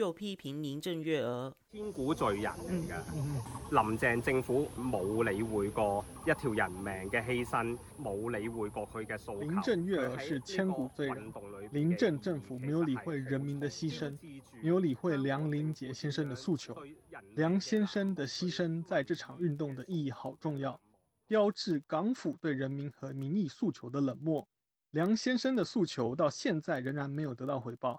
就批評林鄭月娥千古罪人，林鄭政府冇理會過一條人命嘅犧牲，冇理會過佢嘅訴求。林鄭月娥是千古罪人，林鄭政府沒有理會人民的犧牲，沒有，牲沒有理會梁凌杰先生的訴求。梁先生的犧牲在這場運動的意義好重要，標誌港府對人民和民意訴求的冷漠。梁先生的訴求到現在仍然沒有得到回報。